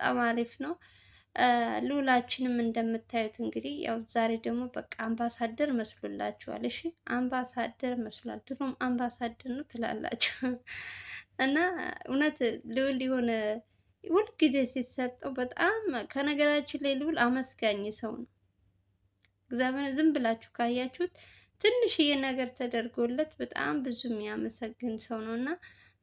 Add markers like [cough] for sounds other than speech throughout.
በጣም አሪፍ ነው። ልውላችንም እንደምታዩት እንግዲህ ያው ዛሬ ደግሞ በቃ አምባሳደር መስሎላችኋል። እሺ አምባሳደር መስሏል። ድሮም አምባሳደር ነው ትላላችሁ [laughs] እና እውነት ልዑል የሆነ ሁልጊዜ ሲሰጠው በጣም ከነገራችን ላይ ልዑል አመስጋኝ ሰው ነው። እግዚአብሔር ዝም ብላችሁ ካያችሁት ትንሽዬ ነገር ተደርጎለት በጣም ብዙ የሚያመሰግን ሰው ነው እና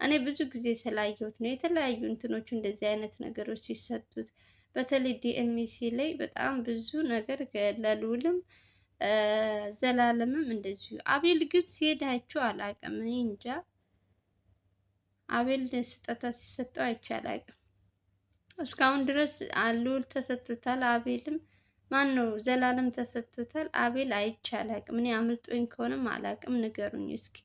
እኔ ብዙ ጊዜ ስላየሁት ነው። የተለያዩ እንትኖቹ እንደዚህ አይነት ነገሮች ሲሰጡት በተለይ ዲኤምሲ ላይ በጣም ብዙ ነገር ለልዑልም ዘላለምም እንደዚሁ። አቤል ግን ሲሄዳችሁ አይቼው አላውቅም። እኔ እንጃ አቤል ስጠታ ሲሰጠው አይቼ አላውቅም። እስካሁን ድረስ ልዑል ተሰጥቶታል፣ አቤልም ማን ነው ዘላለም ተሰጥቶታል። አቤል አይቼ አላውቅም። እኔ አምልጦኝ ከሆነም አላውቅም፣ ንገሩኝ እስኪ።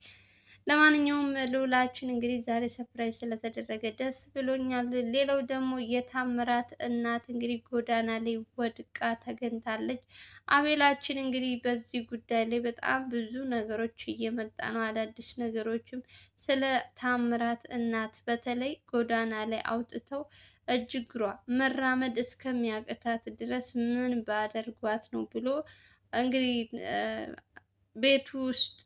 ለማንኛውም ልውላችን እንግዲህ ዛሬ ሰፕራይዝ ስለተደረገ ደስ ብሎኛል። ሌላው ደግሞ የታምራት እናት እንግዲህ ጎዳና ላይ ወድቃ ተገኝታለች። አቤላችን እንግዲህ በዚህ ጉዳይ ላይ በጣም ብዙ ነገሮች እየመጣ ነው። አዳዲስ ነገሮችም ስለ ታምራት እናት በተለይ ጎዳና ላይ አውጥተው እጅ እግሯ መራመድ እስከሚያቅታት ድረስ ምን ባደርጓት ነው ብሎ እንግዲህ ቤቱ ውስጥ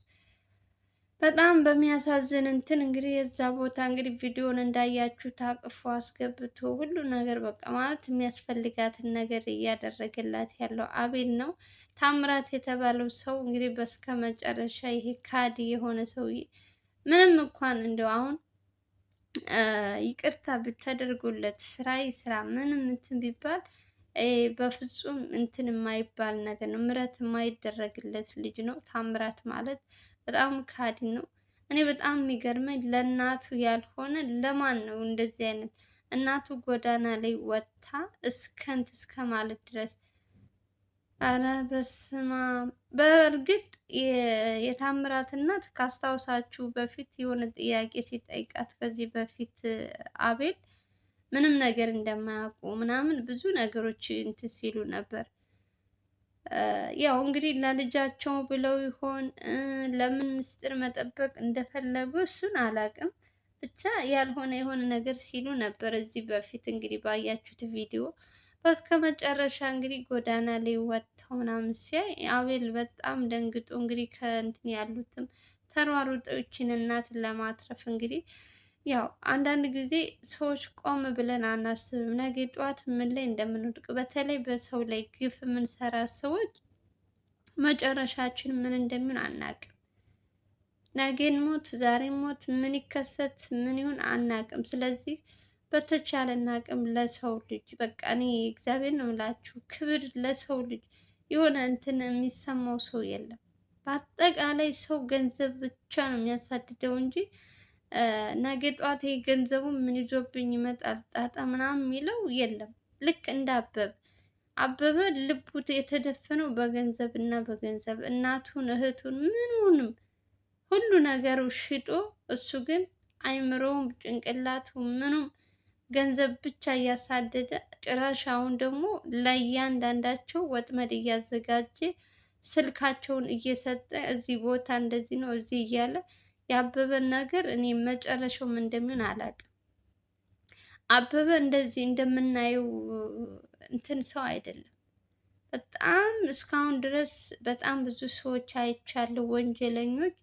በጣም በሚያሳዝን እንትን እንግዲህ የዛ ቦታ እንግዲህ ቪዲዮን እንዳያችሁ ታቅፎ አስገብቶ ሁሉ ነገር በቃ ማለት የሚያስፈልጋትን ነገር እያደረገላት ያለው አቤል ነው። ታምራት የተባለው ሰው እንግዲህ በስከ መጨረሻ ይሄ ካዲ የሆነ ሰውዬ ምንም እንኳን እንደው አሁን ይቅርታ ተደርጎለት ስራ ስራ ምንም እንትን ቢባል በፍጹም እንትን የማይባል ነገር ነው። ምረት የማይደረግለት ልጅ ነው ታምራት ማለት በጣም ካዲ ነው። እኔ በጣም የሚገርመኝ ለእናቱ ያልሆነ ለማን ነው እንደዚህ አይነት እናቱ ጎዳና ላይ ወጥታ እስከንት እስከ ማለት ድረስ አረ በስማ በእርግጥ የታምራት እናት ካስታውሳችሁ በፊት የሆነ ጥያቄ ሲጠይቃት ከዚህ በፊት አቤል ምንም ነገር እንደማያውቁ ምናምን ብዙ ነገሮች እንትን ሲሉ ነበር። ያው እንግዲህ ለልጃቸው ብለው ይሆን ለምን ምስጢር መጠበቅ እንደፈለጉ እሱን አላውቅም። ብቻ ያልሆነ የሆነ ነገር ሲሉ ነበር እዚህ በፊት እንግዲህ ባያችሁት ቪዲዮ እስከ መጨረሻ እንግዲህ ጎዳና ላይ ወጥተው ምናምን ሲያይ አቤል በጣም ደንግጦ እንግዲህ ከእንትን ያሉትም ተሯሩጦችን እናት ለማትረፍ እንግዲህ ያው አንዳንድ ጊዜ ሰዎች ቆም ብለን አናስብም። ነገ ጠዋት ምን ላይ እንደምንወድቅ በተለይ በሰው ላይ ግፍ የምንሰራ ሰዎች መጨረሻችን ምን እንደሚሆን አናቅም። ነገን ሞት፣ ዛሬ ሞት፣ ምን ይከሰት ምን ይሆን አናቅም። ስለዚህ በተቻለን አቅም ለሰው ልጅ በቃ እኔ እግዚአብሔር ነው የምላችሁ፣ ክብር ለሰው ልጅ የሆነ እንትን የሚሰማው ሰው የለም። በአጠቃላይ ሰው ገንዘብ ብቻ ነው የሚያሳድደው እንጂ ነገ ጠዋት ገንዘቡ ምን ይዞብኝ ይመጣል ጣጣ ምናምን የሚለው የለም። ልክ እንደ አበበ አበበ ልቡ የተደፈነው በገንዘብ እና በገንዘብ እናቱን፣ እህቱን፣ ምኑንም ሁሉ ነገሩ ሽጦ እሱ ግን አይምሮውም፣ ጭንቅላቱ ምኑም ገንዘብ ብቻ እያሳደደ ጭራሽ አሁን ደግሞ ለእያንዳንዳቸው ወጥመድ እያዘጋጀ ስልካቸውን እየሰጠ እዚህ ቦታ እንደዚህ ነው እዚህ እያለ የአበበን ነገር እኔ መጨረሻው ምን እንደሚሆን አላውቅም። አበበ እንደዚህ እንደምናየው እንትን ሰው አይደለም። በጣም እስካሁን ድረስ በጣም ብዙ ሰዎች አይቻለሁ፣ ወንጀለኞች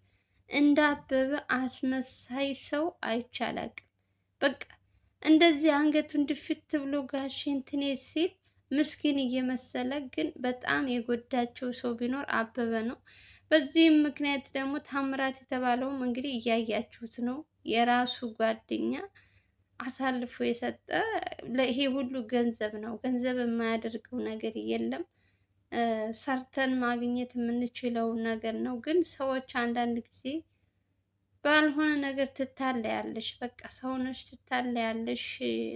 እንደ አበበ አስመሳይ ሰው አይቼ አላውቅም። በቃ እንደዚህ አንገቱን ድፍት ብሎ ጋሽ እንትኔ ሲል ምስኪን እየመሰለ ግን በጣም የጎዳቸው ሰው ቢኖር አበበ ነው። በዚህም ምክንያት ደግሞ ታምራት የተባለውም እንግዲህ እያያችሁት ነው። የራሱ ጓደኛ አሳልፎ የሰጠ ለይሄ ሁሉ ገንዘብ ነው። ገንዘብ የማያደርገው ነገር የለም። ሰርተን ማግኘት የምንችለው ነገር ነው። ግን ሰዎች አንዳንድ ጊዜ ባልሆነ ነገር ትታለያለሽ፣ በቃ ሰውነሽ ትታለያለሽ፣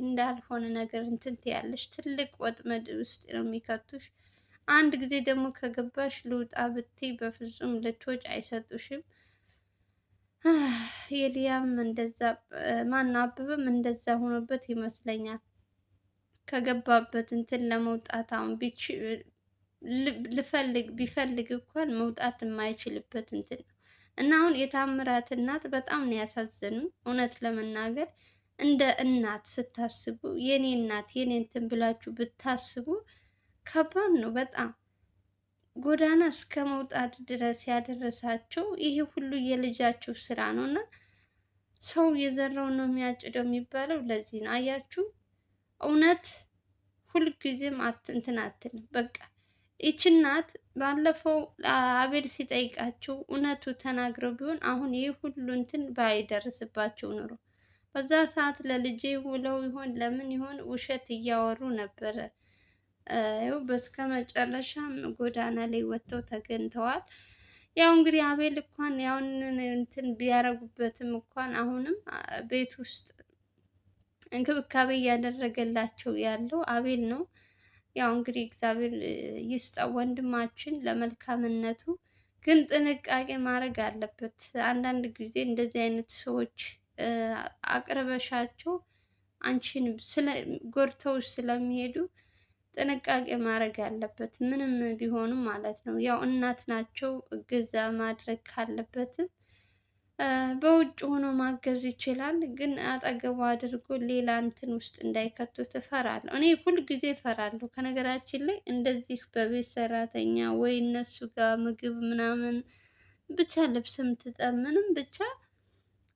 እንዳልሆነ ነገር እንትን ትያለሽ። ትልቅ ወጥመድ ውስጥ ነው የሚከቱሽ። አንድ ጊዜ ደግሞ ከገባሽ ልውጣ ብትይ በፍጹም ልትወጪ አይሰጡሽም። [sighs] የሊያም እንደዛ ማን አበበም እንደዛ ሆኖበት ይመስለኛል። ከገባበት እንትን ለመውጣት አሁን ልፈልግ ቢፈልግ እንኳን መውጣት የማይችልበት እንትን ነው እና አሁን የታምራት እናት በጣም ነው ያሳዘኑ። እውነት ለመናገር እንደ እናት ስታስቡ የኔ እናት የኔ እንትን ብላችሁ ብታስቡ ከባድ ነው በጣም ጎዳና እስከ መውጣት ድረስ ያደረሳቸው ይሄ ሁሉ የልጃቸው ስራ ነው። እና ሰው የዘራው ነው የሚያጭደው የሚባለው ለዚህ ነው። አያችሁ እውነት ሁልጊዜም እንትን አትልም። በቃ ይቺ እናት ባለፈው አቤል ሲጠይቃቸው እውነቱ ተናግረው ቢሆን አሁን ይህ ሁሉ እንትን ባይደርስባቸው ኑሮ በዛ ሰዓት ለልጄ ውለው ይሆን ለምን ይሆን ውሸት እያወሩ ነበረ ይኸው በስከ መጨረሻም ጎዳና ላይ ወጥተው ተገኝተዋል። ያው እንግዲህ አቤል እንኳን ያውን እንትን ቢያረጉበትም እንኳን አሁንም ቤት ውስጥ እንክብካቤ እያደረገላቸው ያለው አቤል ነው። ያው እንግዲህ እግዚአብሔር ይስጠው ወንድማችን ለመልካምነቱ። ግን ጥንቃቄ ማድረግ አለበት። አንዳንድ ጊዜ እንደዚህ አይነት ሰዎች አቅርበሻቸው አንቺን ጎድተው ስለሚሄዱ ጥንቃቄ ማድረግ ያለበት ምንም ቢሆኑም ማለት ነው። ያው እናት ናቸው፣ እገዛ ማድረግ ካለበትም በውጭ ሆኖ ማገዝ ይችላል። ግን አጠገቡ አድርጎ ሌላ እንትን ውስጥ እንዳይከቱት እፈራለሁ። እኔ ሁል ጊዜ እፈራለሁ። ከነገራችን ላይ እንደዚህ በቤት ሰራተኛ ወይ እነሱ ጋር ምግብ ምናምን ብቻ ልብስም ትጠምንም ብቻ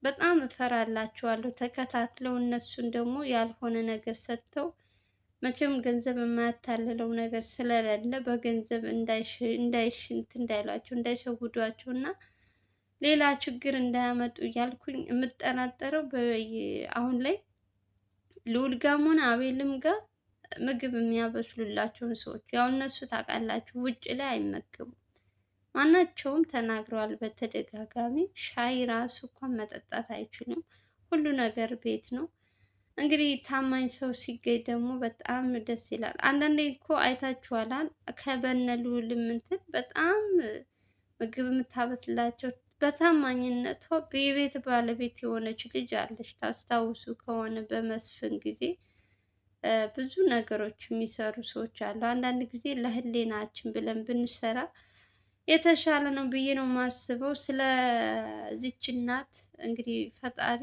በጣም እፈራላቸዋለሁ። ተከታትለው እነሱን ደግሞ ያልሆነ ነገር ሰጥተው መቼም ገንዘብ የማያታልለው ነገር ስለሌለ በገንዘብ እንዳይሽንት እንዳይሏቸው እንዳይሸውዷቸው እና ሌላ ችግር እንዳያመጡ እያልኩኝ የምጠራጠረው አሁን ላይ ልዑል ጋም ሆነ አቤልም ጋር ምግብ የሚያበስሉላቸውን ሰዎች ያው እነሱ ታውቃላችሁ፣ ውጭ ላይ አይመገቡም። ማናቸውም ተናግረዋል በተደጋጋሚ ሻይ ራሱ እንኳን መጠጣት አይችሉም። ሁሉ ነገር ቤት ነው። እንግዲህ ታማኝ ሰው ሲገኝ ደግሞ በጣም ደስ ይላል። አንዳንዴ እኮ አይታችኋላል ከበነሉ እንትን በጣም ምግብ የምታበስላቸው በታማኝነቷ የቤት ባለቤት የሆነች ልጅ አለች። ታስታውሱ ከሆነ በመስፍን ጊዜ ብዙ ነገሮች የሚሰሩ ሰዎች አሉ። አንዳንድ ጊዜ ለህሌናችን ብለን ብንሰራ የተሻለ ነው ብዬ ነው የማስበው። ስለዚች እናት እንግዲህ ፈጣሪ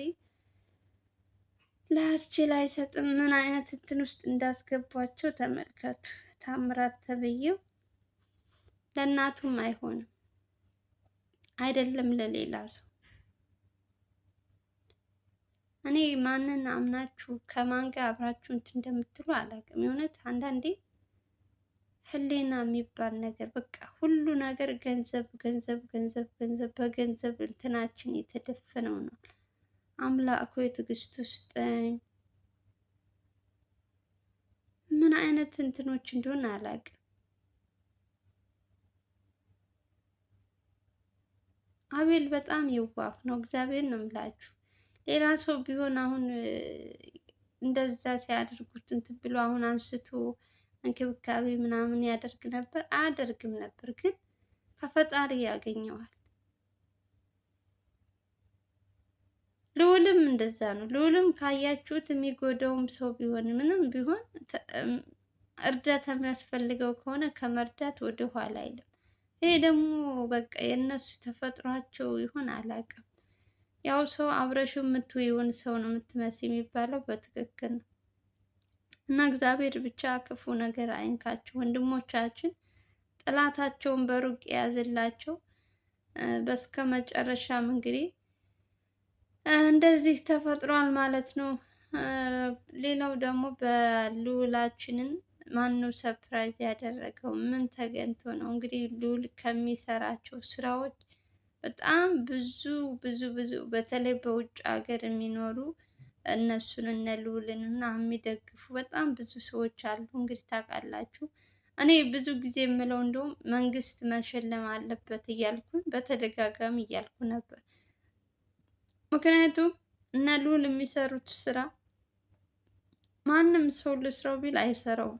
ላያስችል አይሰጥም። ምን አይነት እንትን ውስጥ እንዳስገቧቸው ተመልከቱ። ታምራት ተብዬው ለእናቱም አይሆንም አይደለም ለሌላ ሰው። እኔ ማንን አምናችሁ ከማን ጋር አብራችሁ እንትን እንደምትሉ አላውቅም። የእውነት አንዳንዴ ህሊና የሚባል ነገር በቃ ሁሉ ነገር ገንዘብ ገንዘብ ገንዘብ ገንዘብ በገንዘብ እንትናችን የተደፈነው ነው። አምላክ ሆይ ስጠኝ። ምን አይነት እንትኖች እንደሆን አላውቅም። አቤል በጣም የዋህ ነው። እግዚአብሔር ነው የምላችሁ። ሌላ ሰው ቢሆን አሁን እንደዛ ሲያደርጉት እንትን ብሎ አሁን አንስቶ እንክብካቤ ምናምን ያደርግ ነበር፣ አያደርግም ነበር። ግን ከፈጣሪ ያገኘዋል። ልዑልም እንደዛ ነው። ልዑልም ካያችሁት የሚጎዳውም ሰው ቢሆን ምንም ቢሆን እርዳታ የሚያስፈልገው ከሆነ ከመርዳት ወደ ኋላ አይልም። ይሄ ደግሞ በቃ የእነሱ ተፈጥሯቸው ይሆን አላውቅም። ያው ሰው አብረሽው የምትውይውን ሰው ነው የምትመስ የሚባለው በትክክል ነው። እና እግዚአብሔር ብቻ ክፉ ነገር አይንካቸው። ወንድሞቻችን ጠላታቸውን በሩቅ የያዝላቸው። በስከ መጨረሻም እንግዲህ እንደዚህ ተፈጥሯል ማለት ነው። ሌላው ደግሞ በልዑላችንን ማነው ሰፕራይዝ ያደረገው? ምን ተገኝቶ ነው? እንግዲህ ልዑል ከሚሰራቸው ስራዎች በጣም ብዙ ብዙ ብዙ በተለይ በውጭ ሀገር የሚኖሩ እነሱን እነ ልዑልን እና የሚደግፉ በጣም ብዙ ሰዎች አሉ። እንግዲህ ታውቃላችሁ፣ እኔ ብዙ ጊዜ የምለው እንደውም መንግስት መሸለም አለበት እያልኩኝ በተደጋጋሚ እያልኩ ነበር። ምክንያቱም እነ ልዑል የሚሰሩት ስራ ማንም ሰው ልስራው ቢል አይሰራውም።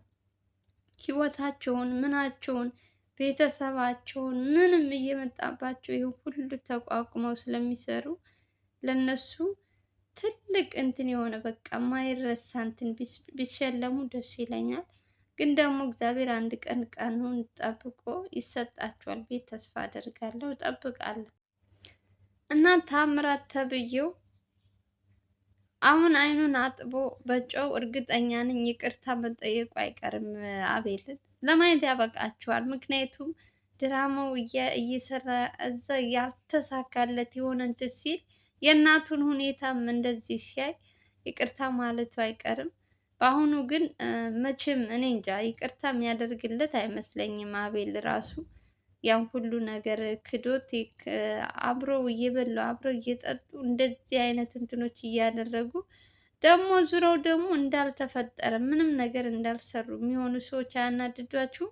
ህይወታቸውን፣ ምናቸውን፣ ቤተሰባቸውን ምንም እየመጣባቸው ይህ ሁሉ ተቋቁመው ስለሚሰሩ ለነሱ ትልቅ እንትን የሆነ በቃ ማይረሳ እንትን ቢሸለሙ ደስ ይለኛል። ግን ደግሞ እግዚአብሔር አንድ ቀን ቀኑን ጠብቆ ይሰጣቸዋል ቤት ተስፋ አደርጋለሁ፣ እጠብቃለሁ። እና ታምራት ተብዬው አሁን አይኑን አጥቦ በጨው እርግጠኛ ነኝ ይቅርታ መጠየቁ አይቀርም። አቤልን ለማየት ያበቃችኋል። ምክንያቱም ድራማው እየሰራ እዛ ያልተሳካለት የሆነንት ሲል የእናቱን ሁኔታም እንደዚህ ሲያይ ይቅርታ ማለቱ አይቀርም። በአሁኑ ግን መቼም እኔ እንጃ ይቅርታ የሚያደርግለት አይመስለኝም አቤል ራሱ ያን ሁሉ ነገር ክዶት አብሮ እየበሉ አብረው እየጠጡ እንደዚህ አይነት እንትኖች እያደረጉ ደግሞ ዙረው ደግሞ እንዳልተፈጠረ ምንም ነገር እንዳልሰሩ የሚሆኑ ሰዎች አያናድዷችሁም?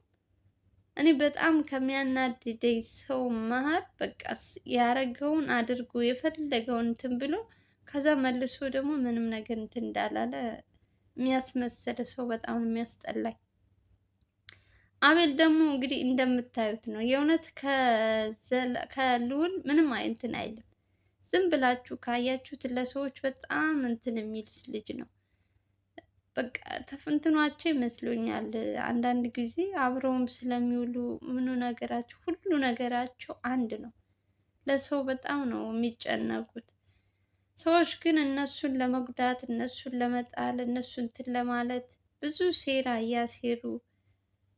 እኔ በጣም ከሚያናድደኝ ሰው መሀል በቃ ያረገውን አድርጎ የፈለገውን እንትን ብሎ ከዛ መልሶ ደግሞ ምንም ነገር እንትን እንዳላለ የሚያስመሰል ሰው በጣም ነው የሚያስጠላኝ። አቤል ደግሞ እንግዲህ እንደምታዩት ነው። የእውነት ከልዑል ምንም እንትን አይልም። ዝም ብላችሁ ካያችሁት ለሰዎች በጣም እንትን የሚልስ ልጅ ነው። በቃ ተፍንትኗቸው ይመስሉኛል። አንዳንድ ጊዜ አብረውም ስለሚውሉ ምኑ ነገራቸው ሁሉ ነገራቸው አንድ ነው። ለሰው በጣም ነው የሚጨነቁት። ሰዎች ግን እነሱን ለመጉዳት፣ እነሱን ለመጣል፣ እነሱን እንትን ለማለት ብዙ ሴራ እያሴሩ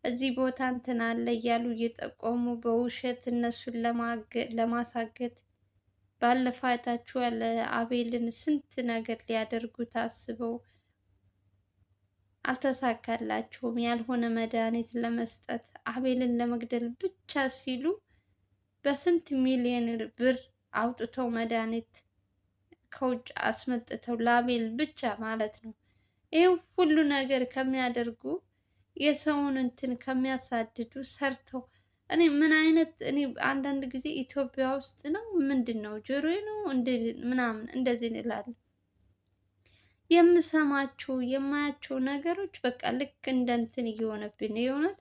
እዚህ ቦታ እንትን አለ እያሉ እየጠቆሙ በውሸት እነሱን ለማሳገት ባለፈው አይታችሁ ያለ አቤልን ስንት ነገር ሊያደርጉ ታስበው አልተሳካላቸውም። ያልሆነ መድኃኒት ለመስጠት አቤልን ለመግደል ብቻ ሲሉ በስንት ሚሊዮን ብር አውጥተው መድኃኒት ከውጭ አስመጥተው ለአቤል ብቻ ማለት ነው። ይህ ሁሉ ነገር ከሚያደርጉ የሰውን እንትን ከሚያሳድዱ ሰርተው እኔ ምን አይነት እኔ አንዳንድ ጊዜ ኢትዮጵያ ውስጥ ነው ምንድን ነው ጆሮ ነው ምናምን እንደዚህ እንላለን። የምሰማቸው የማያቸው ነገሮች በቃ ልክ እንደ እንትን እየሆነብን የሆነት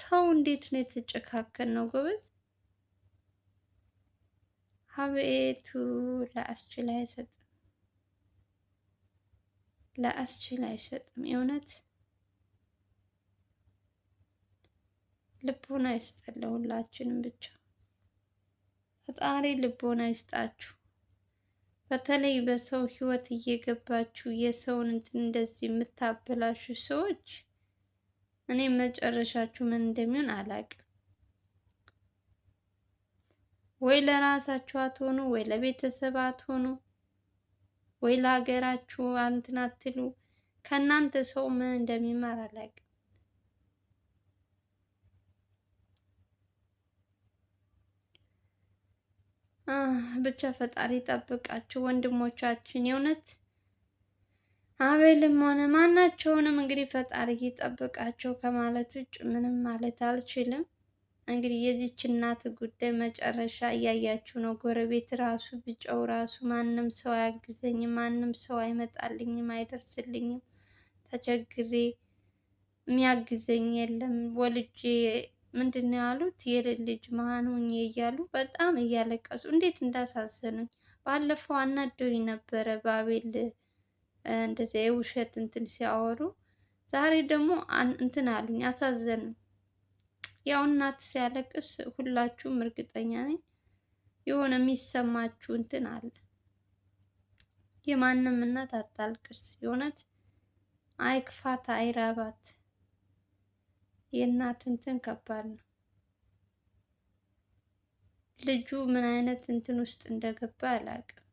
ሰው እንዴት ነው የተጨካከን ነው ጎበዝ። አቤቱ ለአስችል አይሰጥም፣ ለአስችል አይሰጥም የእውነት ልቦና ይስጠን ለሁላችንም ብቻ ፈጣሪ ልቦና ይስጣችሁ። በተለይ በሰው ህይወት እየገባችሁ የሰውን እንትን እንደዚህ የምታበላሹ ሰዎች እኔ መጨረሻችሁ ምን እንደሚሆን አላቅም? ወይ ለራሳችሁ አትሆኑ፣ ወይ ለቤተሰብ አትሆኑ፣ ወይ ለሀገራችሁ እንትን አትሉ። ከእናንተ ሰው ምን እንደሚማር አላቅም። ብቻ ፈጣሪ ጠብቃቸው ወንድሞቻችን የእውነት አቤልም ሆነ ማናቸውንም እንግዲህ ፈጣሪ ይጠብቃቸው ከማለት ውጭ ምንም ማለት አልችልም። እንግዲህ የዚች እናት ጉዳይ መጨረሻ እያያችሁ ነው። ጎረቤት ራሱ ቢጨው ራሱ ማንም ሰው አያግዘኝም፣ ማንም ሰው አይመጣልኝም፣ አይደርስልኝም፣ ተቸግሬ የሚያግዘኝ የለም ወልጄ ምንድን ነው ያሉት የልጅ ልጅ መሀን ሆኜ እያሉ በጣም እያለቀሱ እንዴት እንዳሳዘኑኝ። ባለፈው አናደው ነበረ በአቤል እንደዚያ የውሸት እንትን ሲያወሩ፣ ዛሬ ደግሞ እንትን አሉኝ አሳዘኑኝ። ያው እናት ሲያለቅስ ሁላችሁም እርግጠኛ ነኝ የሆነ የሚሰማችሁ እንትን አለ። የማንም እናት አታልቅስ፣ የሆነች አይክፋት፣ አይራባት። የእናት እንትን ከባድ ነው። ልጁ ምን አይነት እንትን ውስጥ እንደገባ አላውቅም።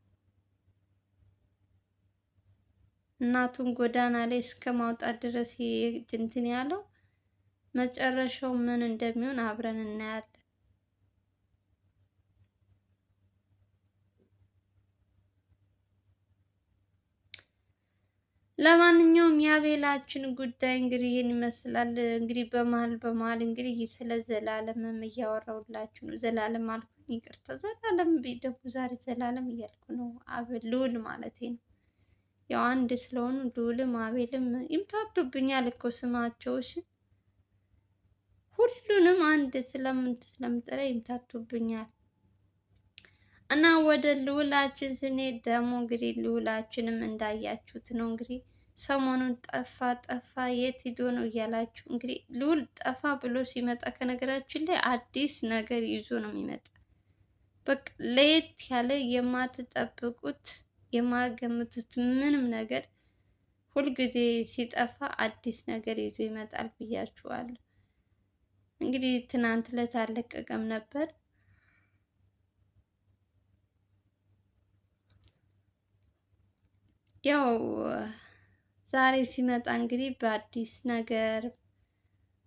እናቱን ጎዳና ላይ እስከ ማውጣት ድረስ እንትን ያለው መጨረሻው ምን እንደሚሆን አብረን እናያለን። ለማንኛውም የአቤላችን ጉዳይ እንግዲህ ይህን ይመስላል። እንግዲህ በመሀል በመሀል እንግዲህ ስለ ዘላለምም እያወራሁላችሁ ነው። ዘላለም አልኩኝ ይቅርታ፣ ዘላለም ደግሞ ዛሬ ዘላለም እያልኩ ነው። አቤል ልዑል ማለቴ ነው። ያው አንድ ስለሆኑ ልዑልም አቤልም ይምታቱብኛል እኮ ስማቸው። እሺ ሁሉንም አንድ ስለምን ስለምጠራ ይምታቱብኛል። እና ወደ ልዑላችን ስንሄድ ደግሞ እንግዲህ ልዑላችንም እንዳያችሁት ነው እንግዲህ ሰሞኑን ጠፋ ጠፋ የት ሂዶ ነው እያላችሁ እንግዲህ ልዑል ጠፋ ብሎ ሲመጣ ከነገራችን ላይ አዲስ ነገር ይዞ ነው የሚመጣ። በቃ ለየት ያለ የማትጠብቁት የማገምቱት ምንም ነገር ሁልጊዜ ሲጠፋ አዲስ ነገር ይዞ ይመጣል ብያችኋለሁ። እንግዲህ ትናንት ዕለት አለቀቀም ነበር ያው ዛሬ ሲመጣ እንግዲህ በአዲስ ነገር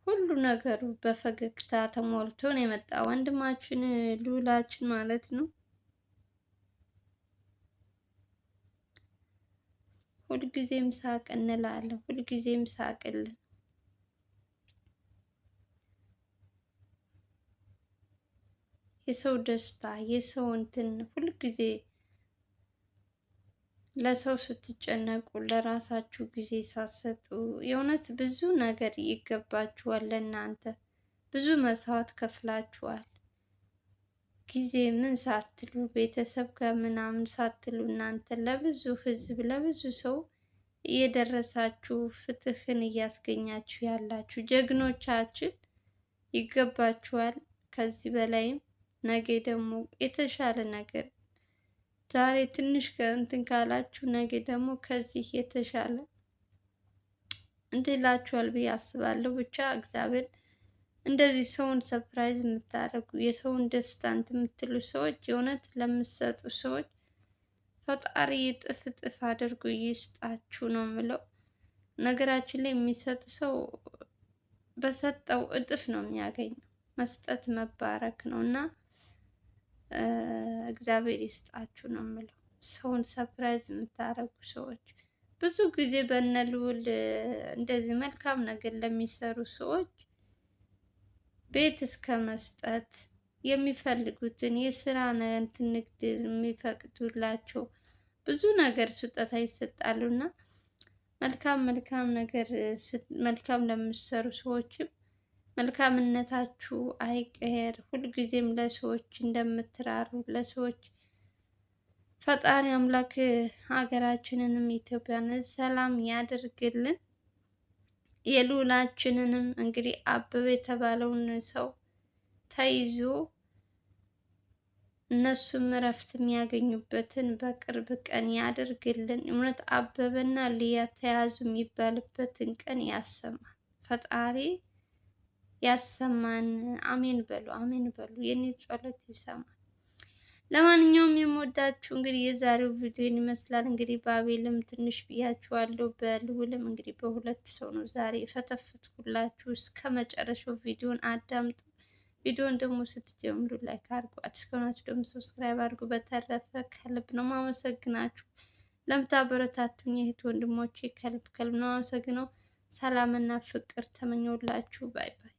ሁሉ ነገሩ በፈገግታ ተሞልቶ ነው የመጣ ወንድማችን ልዑላችን ማለት ነው። ሁልጊዜም ሳቅ እንላለን፣ ሁልጊዜም ሳቅልን። የሰው ደስታ የሰው እንትን ሁልጊዜ ለሰው ስትጨነቁ፣ ለራሳችሁ ጊዜ ሳትሰጡ፣ የእውነት ብዙ ነገር ይገባችኋል። ለእናንተ ብዙ መስዋዕት ከፍላችኋል። ጊዜ ምን ሳትሉ ቤተሰብ ጋር ምናምን ሳትሉ እናንተ ለብዙ ህዝብ ለብዙ ሰው እየደረሳችሁ ፍትህን እያስገኛችሁ ያላችሁ ጀግኖቻችን ይገባችኋል። ከዚህ በላይም ነገ ደግሞ የተሻለ ነገር ዛሬ ትንሽ ከእንትን ካላችሁ ነገ ደግሞ ከዚህ የተሻለ እንትላችኋል ብዬ አስባለሁ። ብቻ እግዚአብሔር እንደዚህ ሰውን ሰፕራይዝ የምታደርጉ የሰውን ደስታ እንትን የምትሉ ሰዎች የእውነት ለምትሰጡ ሰዎች ፈጣሪ እጥፍ እጥፍ አድርጎ ይስጣችሁ ነው የምለው። ነገራችን ላይ የሚሰጥ ሰው በሰጠው እጥፍ ነው የሚያገኘው። መስጠት መባረክ ነው እና እግዚአብሔር ይስጣችሁ ነው የምለው። ሰውን ሰፕራይዝ የምታደርጉ ሰዎች ብዙ ጊዜ በእነ ልዑል እንደዚህ መልካም ነገር ለሚሰሩ ሰዎች ቤት እስከ መስጠት የሚፈልጉትን የስራ እንትን ንግድ የሚፈቅዱላቸው ብዙ ነገር ስጦታ ይሰጣሉ እና መልካም መልካም ነገር መልካም ለሚሰሩ ሰዎችም መልካምነታችሁ አይቀር። ሁልጊዜም ለሰዎች እንደምትራሩ ለሰዎች ፈጣሪ አምላክ ሀገራችንንም ኢትዮጵያን ሰላም ያደርግልን። የልዑላችንንም እንግዲህ አበበ የተባለውን ሰው ተይዞ እነሱም እረፍት የሚያገኙበትን በቅርብ ቀን ያደርግልን። እውነት አበበና ሊያ ተያዙ የሚባልበትን ቀን ያሰማል ፈጣሪ ያሰማን። አሜን በሉ፣ አሜን በሉ። የኔ ጸሎት ይሰማል። ለማንኛውም የምወዳችሁ እንግዲህ የዛሬው ቪዲዮን ይመስላል። እንግዲህ በአቤልም ትንሽ ብያችኋለሁ፣ በልውልም እንግዲህ በሁለት ሰው ነው ዛሬ ፈተፈትኩላችሁ። እስከ መጨረሻው ቪዲዮን አዳምጡ። ቪዲዮን ደግሞ ስትጀምሩ ላይክ አድርጉ፣ አዲስ ከሆናችሁ ደግሞ ሰብስክራይብ አድርጉ። በተረፈ ከልብ ነው ማመሰግናችሁ ለምታበረታቱኝ እህት ወንድሞቼ፣ ከልብ ከልብ ነው ማመሰግነው። ሰላምና ፍቅር ተመኘውላችሁ። ባይ ባይ።